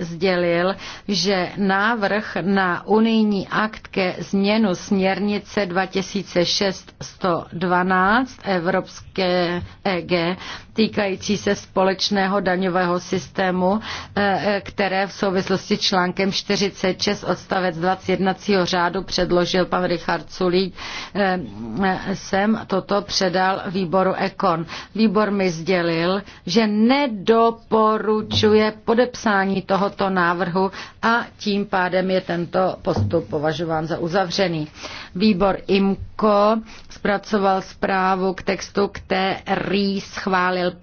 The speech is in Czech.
sdělil, že návrh na unijní akt ke změnu směrnice 2006-112 Evropské EG týkající se společného daňového systému, e, které v souvislosti s článkem 46 odstavec 21 řádu předložil pan Richard Sulík, jsem e, e, toto předal výboru Ekon. Výbor mi sdělil, že nedoporučuje podepsání projednávání tohoto návrhu a tím pádem je tento postup považován za uzavřený. Výbor IMKO zpracoval zprávu k textu, který schválil